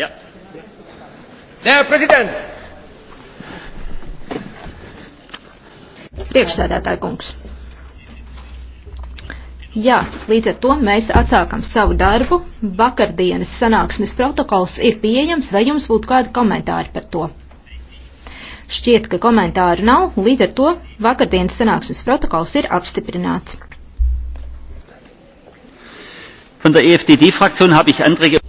Ja. Herr Präsident! Priekšsēdētāja kungs. Jā, līdz ar to mēs atsākam savu darbu. Vakardienas sanāksmes protokols ir pieejams, vai jums būtu kādi komentāri par to? Šķiet, ka komentāru nav, līdz ar to vakardienas sanāksmes protokols ir apstiprināts. Von der EFDD-Fraktion habe ich Anträge.